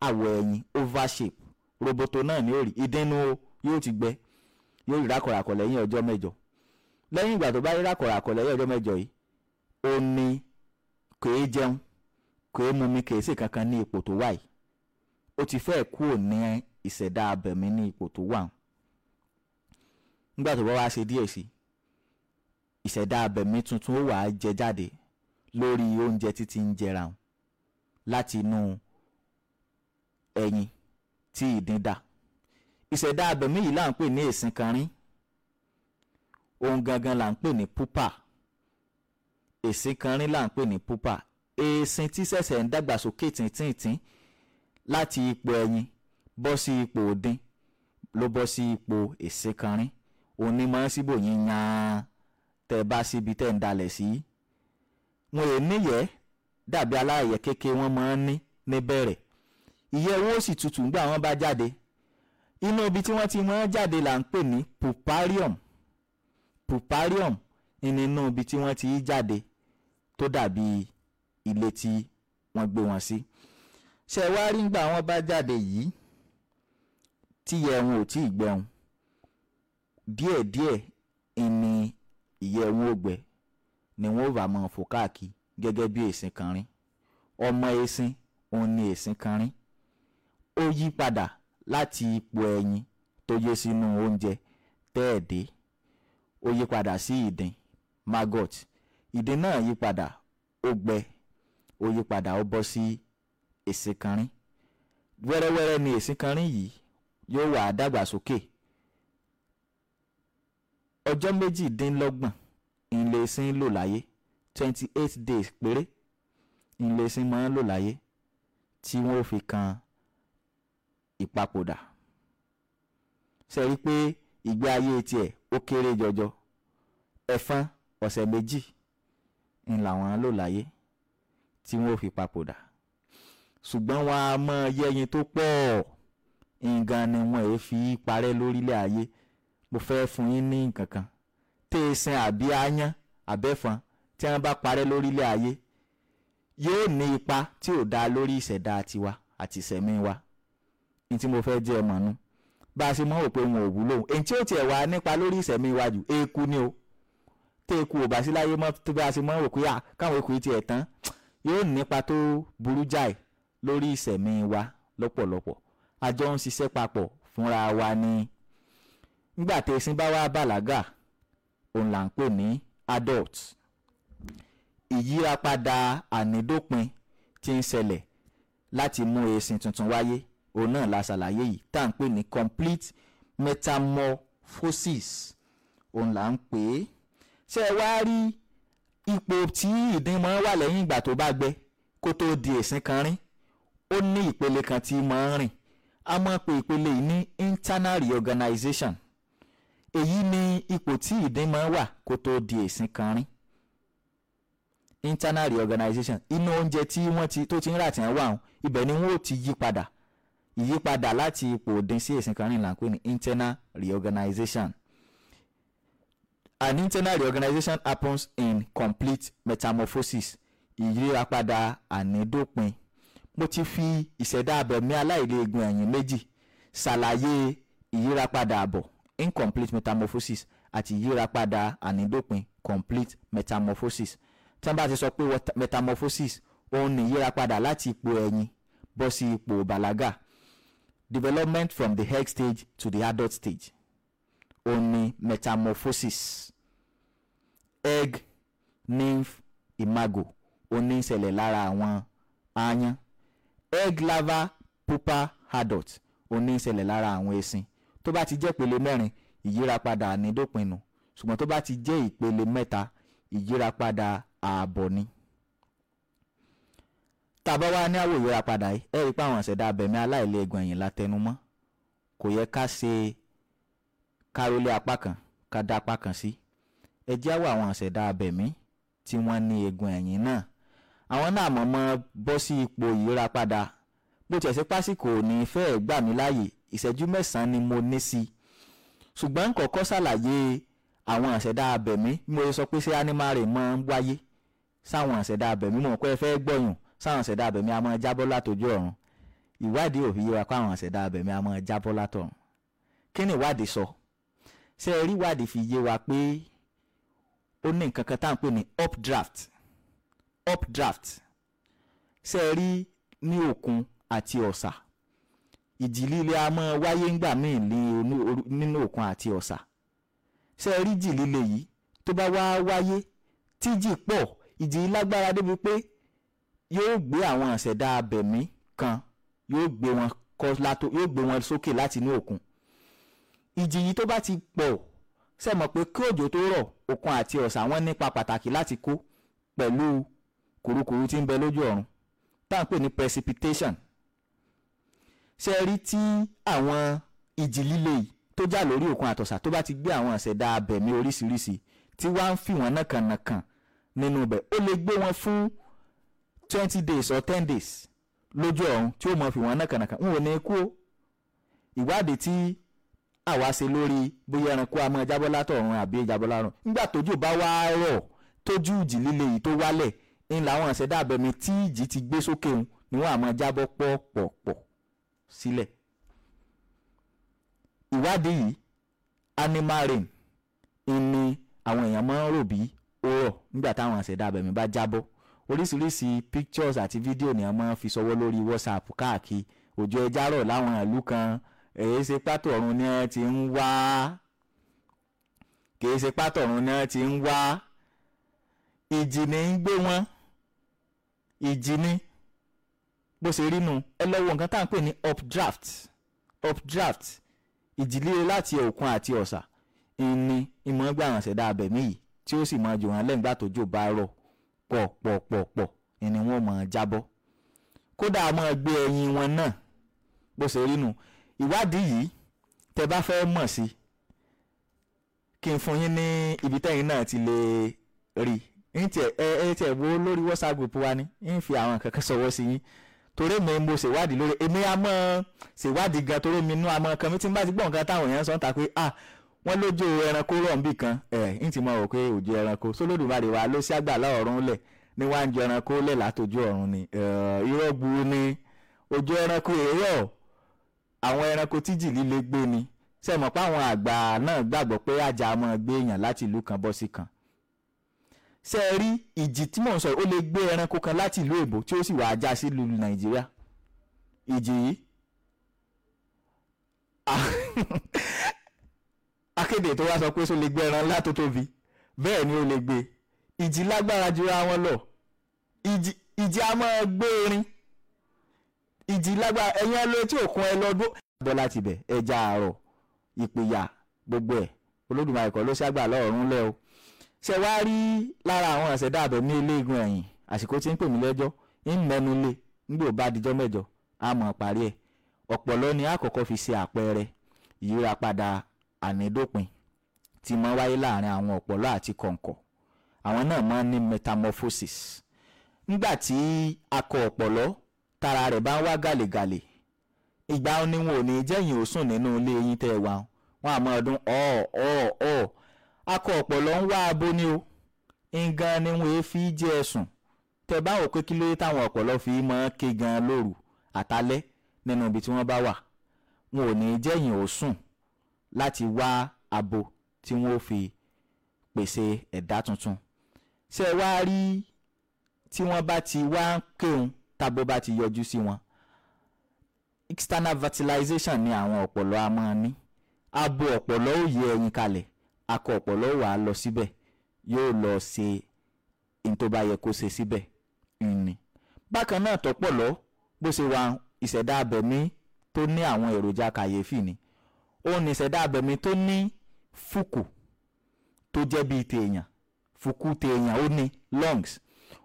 àwọ̀ ẹyin oval shape roboto náà ni ó rí ìdínú yóò ti gbẹ yóò rí rákọ̀rákọ̀ lẹ́yìn ọjọ́ mẹ́jọ lẹ́yìn ìgbà tó bá rí rákọ̀ràkọ̀ lẹ́yìn ọjọ́ mẹ́jọ yìí ó ní kò é jẹun kò é mumi kò é sì kankan ní ipò tó wà yìí ó ti fẹ́ kúrò ní ìṣẹ̀dá abẹ̀mí ní ipò tó wà nígbà tó bá wá ṣe díẹ̀ sí ìṣẹ̀dá abẹ̀mí tuntun ó wàá jẹ jáde lórí oúnjẹ títí ń jẹra láti inú ẹyin tí ìdín dà ìṣẹ̀dá abẹ̀mí yìí là ń pè ní èsìn ohun gangan là ń pè ní pupa èsìn kan rí là ń pè ní pupa èsìn tí ṣẹ̀ṣẹ̀ ń dàgbàsókè tìǹtìǹtìǹ láti ipò ẹyin bọ́ sí ipò òdin ló bọ́ sí ipò èsìn kan rí òní mọ́ síbò yín yan tẹ́ bá síbi tẹ́ ń dalẹ̀ sí wọn ò níyẹ́ dàbí aláàyẹ kéke wọn máa ń ní níbẹ̀rẹ̀ ìyẹ́ owó sì tutù nígbà wọn bá jáde inú ibi tí wọ́n ti máa ń jáde là ń pè ní puparium puparium nínú ibi tí wọ́n ti jáde tó dàbí ilé tí wọ́n gbé wọn sí ṣe wá rí ngbà wọ́n bá jáde yìí tíyẹ́ wọn ò tí ì gbẹun díẹ̀díẹ̀ ìní ìyẹ́ wọn ò gbẹ ni wọ́n bá máa fò káàkiri gẹ́gẹ́ bí èsìn kan ọmọ èsìn òun ni èsìn kan ó yí padà láti ipò ẹyin tó yé sínú oúnjẹ tẹ́ẹ̀dé ó yí padà sí ìdin maggot ìdin náà yí padà ó gbẹ ó yí padà ó bọ́ sí èsìkanrín wẹ́rẹ́wẹ́rẹ́ ni èsìkanrín yìí yóò wà á dàgbàsókè ọjọ́ méjìdínlọ́gbọ̀n ìlẹ̀sìn lò láyé twenty eight days péré ìlẹ̀sìn máa ń lò láyé tí wọ́n fi kan ìpapòdà ṣe rí i pé ìgbé ayé tiẹ̀ ó kéré jọjọ ẹ̀fọn ọ̀sẹ̀ méjì ń làwọn lò láyé tí wọ́n fi papòdà ṣùgbọ́n wọn a mọ yẹyin tó pọ̀ nǹkan ni wọn èé fi parẹ́ lórílẹ̀ ayé mo fẹ́ fún yín ní nǹkan kan téèsìn àbí aáyán àbẹ́fọn tí wọ́n bá parẹ́ lórílẹ̀ ayé yóò ní ipa tí ò dáa lórí ìṣẹ̀dá tiwa àti ìṣẹ̀mí wa ní tí mo fẹ́ jẹ́ ẹ mọ̀ bá a ṣe mọ̀ wò pé wọn ò wúlò tí ó tiẹ̀ wá nípa lórí ìṣẹ̀mí wa jù eku ni o tẹ́ eku ò bá sí láyé mọ́ tó bá ṣe mọ́ rò pé à káwọn eku yìí tiẹ̀ tán yóò nípa tó burú jáì lórí ìṣẹ̀mí wa lọ́pọ̀lọpọ̀ a jọ ń ṣiṣẹ́ papọ̀ fúnra wa ni nígbà tí ẹṣin bá wá bàlágà òun là ń pè ní adult ìyírapadà ànídópin tí ń ṣẹlẹ̀ láti mú ẹṣin tuntun wáyé òun náà la ṣàlàyé yìí tá à ń pè ní complete metamorphosis òun là ń pè é ṣé ẹ wá rí ipò tí ìdin máa ń wà lẹ́yìn ìgbà tó bá gbẹ kó tó di èsìn kan rín ó ní ìpele kan tí máa ń rìn a máa pe ìpele yìí ní internal reorganization èyí ni ipò tí ìdin máa ń wà kó tó di èsìn kan rín internal reorganization inú oúnjẹ tí wọ́n ti tó ti ń rà tí wọ́n wà hàn ibẹ̀ ni wọ́n ti yí padà ìyípadà láti ipò òdin sí èsìn kan rìn là ń pè ní internal reorganization an internal reorganization happens in complete metamorphosis ìyírapadà ànídópin mo ti fi ìṣẹ̀dá abẹ̀mí aláìlẹ́gbin ẹ̀yìn méjì ṣàlàyé ìyírapadà àbọ̀ incomplete metamorphosis àti ìyírapadà ànídópin complete metamorphosis tí wọ́n bá ti sọ pé metamorphosis òun ni ìyírapadà láti ipò ẹ̀yìn bọ́ sí ipò bàlágà development from the egg stage to the adult stage oni metamorphosis egg nymph imago oni ìṣẹ̀lẹ̀ lára àwọn aáyán egg larva pupa adult oni ìṣẹ̀lẹ̀ lára àwọn esin tó bá ti jẹ́ ìpele mẹ́rin ìyírapadà ànídópinnu ṣùgbọ́n tó bá ti jẹ́ ìpele mẹ́ta ìyírapadà ààbọ̀ ni tàbá wá ní àwòyírapadà yìí ẹ rí i pé àwọn ìṣẹ̀dá abẹ̀mí aláìlẹ́gbọ̀n yìí la kò yẹ ká ṣe kárólé apá kan ká dá apá kan sí ẹ jẹ́ wá àwọn àṣẹ̀dá abẹ̀mí tí wọ́n ní eegun ẹ̀yìn náà àwọn náà mọ̀mọ́ bọ́ sí ipò ìyíra padà bó tiẹ̀ sí pásíkò ní fẹ́ẹ̀ gbà mí láàyè ìṣẹ́jú mẹ́sàn-án ni mo ní sí i ṣùgbọ́n n kọ́kọ́ ṣàlàyé àwọn àṣẹ̀dá abẹ̀mí mo sọ pé ṣé ánímárè máa ń wáyé sáwọn àṣẹ̀dá abẹ̀mí mọ̀ pé ẹ fẹ́ gbọ̀yùn sáwọn àṣẹ̀dá abẹ̀mí a máa jábọ́ látòjú ọ̀run ìwádìí òfin yíra pé àwọn àṣẹ̀dá abẹ̀mí a máa jábọ́ látọ̀run kí ni ìwádìí sọ so? ṣe rí wádìí fi yé wa pé ó ní nǹkan kan tá à ń pè ní updraft updraft ṣe rí ní òkun àti ọ̀sà ìjì líle a máa wáyé ńgbà míì nínú òkun àti ọ̀sà ṣe rí jì líle yìí tó bá wá wáyé tíjì pọ̀ ìjì lágbára débi pé yóò gbé àwọn àṣẹ̀dá abẹ̀mí kan yóò gbé wọn yóò gbé wọn sókè láti inú òkun ìjì yìí tó bá ti pọ̀ ṣe mọ̀ pé kí òjò tó rọ̀ òkun àti ọ̀sà wọn nípa pàtàkì láti kó pẹ̀lú kùrukùru tí ń bẹ lójú ọ̀run tá à ń pè ní precipitation ṣe rí tí àwọn ìjì líle yìí tó jà lórí òkun àtọ̀sà tó bá ti gbé àwọn ìṣẹ̀dá abẹ̀mí oríṣiríṣi tí wàá ń fi wọn nàkànàkàn nínú ibẹ̀ ó lè gbé wọn fún twenty days or ten days lójú ọ̀run tí ó mọ̀ fi wọn nàkànàkàn n ò ní kú ìwádìí tí àwa ṣe lórí bóyá ẹranko àmọ́ jábọ́ látọ̀run àbí jábọ́ lárùn nígbà tójú bá wá rọ̀ tójú ìjì líle yìí tó wálẹ̀ ń làwọn ṣẹ̀dá abẹ̀mí tí ìjì ti gbé sókè òun ni wọ́n àmọ́ jábọ́ pọ̀pọ̀pọ̀ sílẹ̀. ìwádìí yìí animal rain ni àwọn èèyàn máa ń rò bí ó rọ̀ nígbà táwọn ṣẹ̀dá abẹ̀mí bá jábọ́ oríṣiríṣi pictures àti fídíò ni a máa ń fi ṣọwọ́ lórí WhatsApp káàkiri òjò ẹja rọ̀ láwọn ìlú kan èyí ṣe pátọ̀ ọ̀run ni wọ́n ti ń wá kì í ṣe pátọ̀ ọ̀run ni wọ́n ti ń wá ìjì ni ń gbé wọn ìjì ni bó ṣe rí nu ẹ lọ wo nǹkan tá à ń pè ní updraft updraft ìjì líle láti òkun àti ọ̀sà ìní ìmọ̀ gbàràn ṣẹ̀dá abẹ̀mí yìí tí ó sì máa jò wọ́n lẹ́yìn gbà tó jò bá rọ̀ pọ̀pọ̀pọ̀pọ̀ ìní wọn máa jábọ́ kódà máa gbé ẹyin wọn náà bó ṣe rí nu ìwádìí yìí tẹ bá fẹ́ mọ̀ sí kí n fún yín ní ibi tẹ́yìn náà ti lè rí ẹ ẹ wo lórí WhatsApp group wa ni ń fi àwọn nǹkan kan sọwọ́ sí yín torí mi mo ṣèwádìí lórí èmi a mọ̀ ṣèwádìí gan torí mi inú àmọ́ kan mi ti ń bá ti gbọ́ nǹkan táwọn èèyàn sọ ń ta pé ah wọ́n lójú ẹranko rọ̀ǹbì kan ẹ̀ ń ti mọ̀ rò pé òjò ẹranko sólódùmarè wa ló sí àgbàlá ọ̀run lẹ̀ ní wá ń jẹ ẹranko lẹ̀ látòjú ọ̀run ni irọ́ gbu ni òjò ẹranko èèyàn àwọn ẹranko tíjì líle gbé ni ṣe mọ̀ pé àwọn àgbà náà gbàgbọ́ pé ajá máa gbé èèyàn láti ìlú kan bọ́ sí kan ṣe é rí ìjì tí mò ń sọ ó lè gbé ẹranko kan láti ìlú èbó tí ó sì wàá já sí ìlú nàìjíríà ìjì yìí [LAUGHS] akéde tó wá sọ pé ó lè gbé ẹran ńlá tó tóbi bẹ́ẹ̀ ni ó lè gbé ìjì lágbára jura wọn lọ ìjì a máa gbé orin ìjì lágbára ẹ̀yin ẹlò tí òkun ẹ lọ́dún. bọ́ láti bẹ̀ ẹja àárọ̀ ìpìyà gbogbo ẹ̀ olódùmarè kọ́ ló ṣàgbà lọ́ọ̀rún lẹ́ o. ṣé wàá rí lára àwọn àṣẹdá àbẹ̀ ní eléegun ẹ̀yìn àsìkò tí ń pè mí lẹ́jọ́ ń mẹ́nu lé nígbò bá dijọ́ mẹ́jọ á mọ̀ parí ẹ̀ ọ̀pọ̀lọ́ ni àkọ́kọ́ fi ṣe àpẹẹrẹ ìyírapadà ànídópin tí máa wáyé láàrin àwọn ọ̀pọ̀lọ́ àti kọ̀ǹkọ̀ àwọn náà máa ní metamorphosis nígbà tí akọ ọ̀pọ̀lọ́ Tara rẹ̀ bá ń wá gàlègàlè ìgbà ó ní wọn ò ní jẹ́yìn òsùn nínú ilé yín tẹ́ ẹ wà wọn àmọ́ ọdún ọ̀ ọ̀ ọ̀ akọ ọ̀pọ̀lọ́ ń wá abo ni o ngan ni wọn fi jẹ ẹ̀sùn tẹ́ bá wò pé kí lóye táwọn ọ̀pọ̀lọ́ fi mọ́ ké gan lóru àtàlẹ́ nínú ibi tí wọ́n bá wà wọn ò ní jẹ́yìn òsùn láti wá abo tí wọ́n fi pèsè ẹ̀dá tuntun ṣé ẹ wá rí tí wọ́n bá ti wá ń kéwọn tábó bá ti yọjú sí wọn external fertilization ni àwọn ọ̀pọ̀lọ́ a máa ní abo ọ̀pọ̀lọ́ ó yẹ ẹyin kalẹ̀ akọ ọ̀pọ̀lọ́ wà á lọ síbẹ̀ yóò lọ ṣe n tó bá yẹ kó ṣe síbẹ̀ ni bákan náà tọ́pọ̀lọ́ bó ṣe wà ìṣẹ̀dá abẹ̀mí tó ní àwọn èròjà kàyéfì ni òun ní ìṣẹ̀dá abẹ̀mí tó ní fùkù tó jẹ́ bíi tèèyàn fùkù tèèyàn ó ní lungs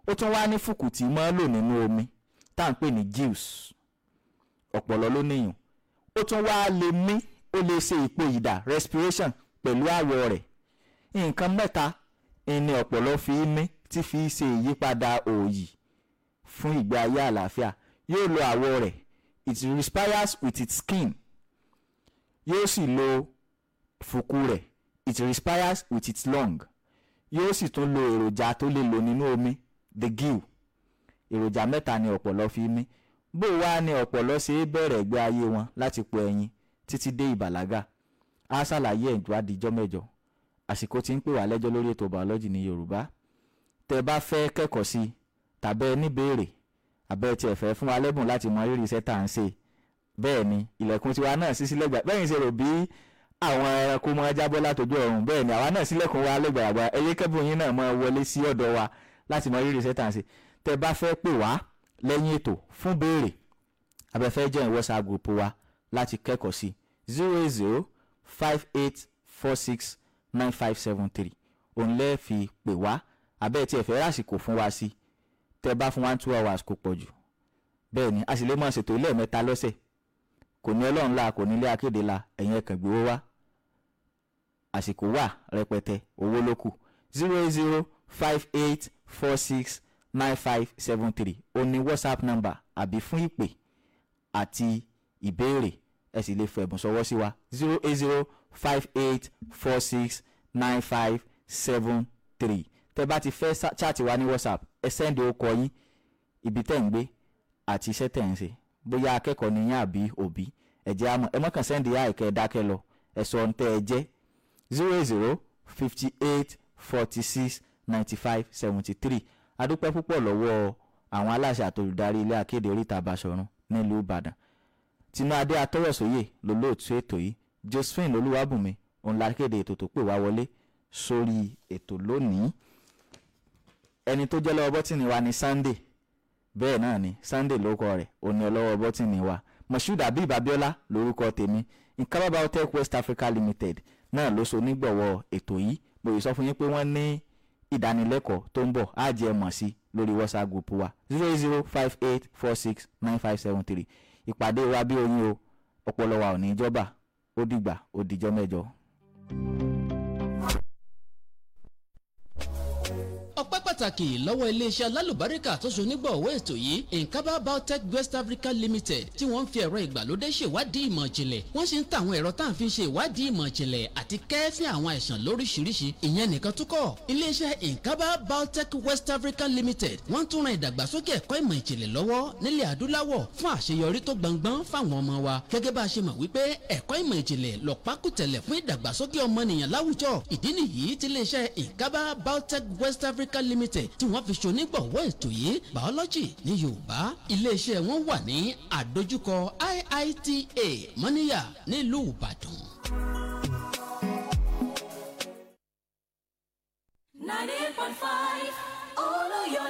ó tún wá ní fùkù tí mọ́ lò nínú omi tá à ń pè ní Jews ọ̀pọ̀lọ́ ló níyàn ó tún wá lè mí ó lè ṣe ìpò ìdà respiration pẹ̀lú àwọ̀ rẹ̀ nǹkan mẹ́ta ni ọ̀pọ̀lọ́ fi mí tí fi ṣe ìyípadà òòyì fún ìgbé ayé àlàáfíà yóò lo àwọ̀ rẹ̀ it respires with its skin yóò sì lo fùkù rẹ̀ it respires with its lung yóò sì tún lo èròjà tó lè lò nínú omi the gill èròjà mẹ́ta ni ọ̀pọ̀lọ́ fi mí bó wá ni ọ̀pọ̀lọ́ ṣe é bẹ̀rẹ̀ ìgbé ayé wọn láti po ẹyin títí dé ìbàlágà á ṣàlàyé ẹ̀jọ́ àdìjọ́ mẹ́jọ àsìkò tí ń pè wá lẹ́jọ́ lórí ètò biology ní Yorùbá tẹ́ bá fẹ́ kẹ́kọ̀ọ́ sí i tàbẹ́ níbèrè àbẹ́ tiẹ̀ fẹ́ fún wa lẹ́bùn láti mọ rírì iṣẹ́ tá à ń ṣe bẹ́ẹ̀ ni ilẹ̀kùn tiwa náà ṣí sílẹ̀ gbà bẹ́ẹ̀ ń ṣe rò bí àwọn ẹranko mọ jábọ́ látọjú ọ̀run bẹ́ẹ̀ ni àwa náà ṣílẹ̀kùn wa lẹ́gbàgbà ẹyẹ kẹ́bùn yín náà mọ wọlé sí ọ̀dọ̀ wa láti mọ rírì iṣẹ́ tá à ń ṣe tẹ́ bá fẹ́ pè wá lẹ́yìn ètò fún béèrè abẹ́fẹ́ jẹ́ WhatsApp group wa láti kẹ́kọ̀ọ́ sí zero eight zero five eight four six nine five seven three òun lẹ́ẹ̀ fi pè wá abẹ́ tí ẹ fẹ́ rásìkò fún wa sí tẹ́ bá fún one two hours kò pọ̀ bẹ́ẹ̀ ni a sì lè máa ṣètò ilé ẹ̀mẹ́ta lọ́sẹ̀ kò ní ọlọ́run la kò ní ilé akéde la ẹ̀yin ẹ̀kàn gbowó wá àsìkò wà rẹpẹtẹ owó ló kù zero eight zero five eight four six nine five seven three ó ní whatsapp number àbí fún ìpè àti ìbéèrè ẹ sì lè fẹ̀bùn sọwọ́ sí wa zero eight zero five eight four six nine five seven three tẹ bá ti fẹ́ chaati wa ní whatsapp ẹ sẹ́ndì orúkọ yín ibi tẹ́ ń gbé àti iṣẹ́ tẹ́ ń ṣe bóyá akẹ́kọ̀ọ́ nìyẹn àbí òbí ẹ̀jẹ̀ àmọ́ ẹ mọ̀kàn sẹ́ndì yá dákẹ́ lọ ẹ sọ ohun tẹ́ ẹ jẹ́ zero eight zero fifty eight forty six ninety five seventy three adúpẹ́ púpọ̀ lọ́wọ́ àwọn aláṣẹ àtolùdarí ilé akéde oríta Basọ̀run nílùú Ìbàdàn tinú adé atọ́wọ̀sóyè lólóòtú ètò yìí Josephine Olúwàbùnmi òun la kéde ètò tó pè wá wọlé sórí ètò lónìí ẹni tó jẹ́ lọ́wọ́ bọ́tìnì wa ni Sunday bẹ́ẹ̀ náà ni Sunday lórúkọ rẹ̀ òun ni ọlọ́wọ́ bọ́tìnì wa Moshood Abib Abiola lórúkọ tèmi Nkalaba Hotel West Africa Limited náà ló so onígbọ̀wọ́ ètò yìí mo yìí sọ fún yín pé wọ́n ní ìdánilẹ́kọ̀ọ́ tó ń bọ̀ á jẹ́ mọ̀ sí lórí whatsapp group wa zero eight zero five eight four six nine five seven three ìpàdé wa bí oyin o ọpọlọ wa ò ní jọba ó dìgbà ó dìjọ́ mẹ́jọ. thank you ọpẹ́ pàtàkì lọ́wọ́ iléeṣẹ́ alálùbáríkà tó ṣonígbọ̀wọ́ ètò yìí nkaba biotech west africa limited tí wọ́n ń fi ẹ̀rọ ìgbàlódé ṣèwádìí ìmọ̀ ìjìnlẹ̀ wọ́n sì ń ta àwọn ẹ̀rọ tá à ń fi ṣe ìwádìí ìmọ̀ ìjìnlẹ̀ àti kẹ́ẹ́fín àwọn àìsàn lóríṣiríṣi ìyẹn nìkan tó kọ́ iléeṣẹ́ nkaba biotech west africa limited wọ́n tún ran ìdàgbàsókè ẹ̀kọ́ ìmọ̀ ìjìnlẹ̀ lọ́wọ́ nílẹ̀ adúláwọ̀ fún àṣeyọrí tó gbangban fáwọn ọmọ wa gẹ́gẹ́ bá a ṣe mọ̀ wípé ẹ̀kọ́ ìmọ̀ ìjìnlẹ̀ lọ́pàkùtẹ̀lẹ̀ fún ìdàgbàsókè ọmọnìyàn láwùjọ ìdí africa limited tí wọ́n fi ṣonígbọ̀wọ́ ètò yìí biology ní yorùbá iléeṣẹ́ wọn wà ní àdójúkọ iita mọ́níyà nílùú ìbàdàn. ninety point five olóyò.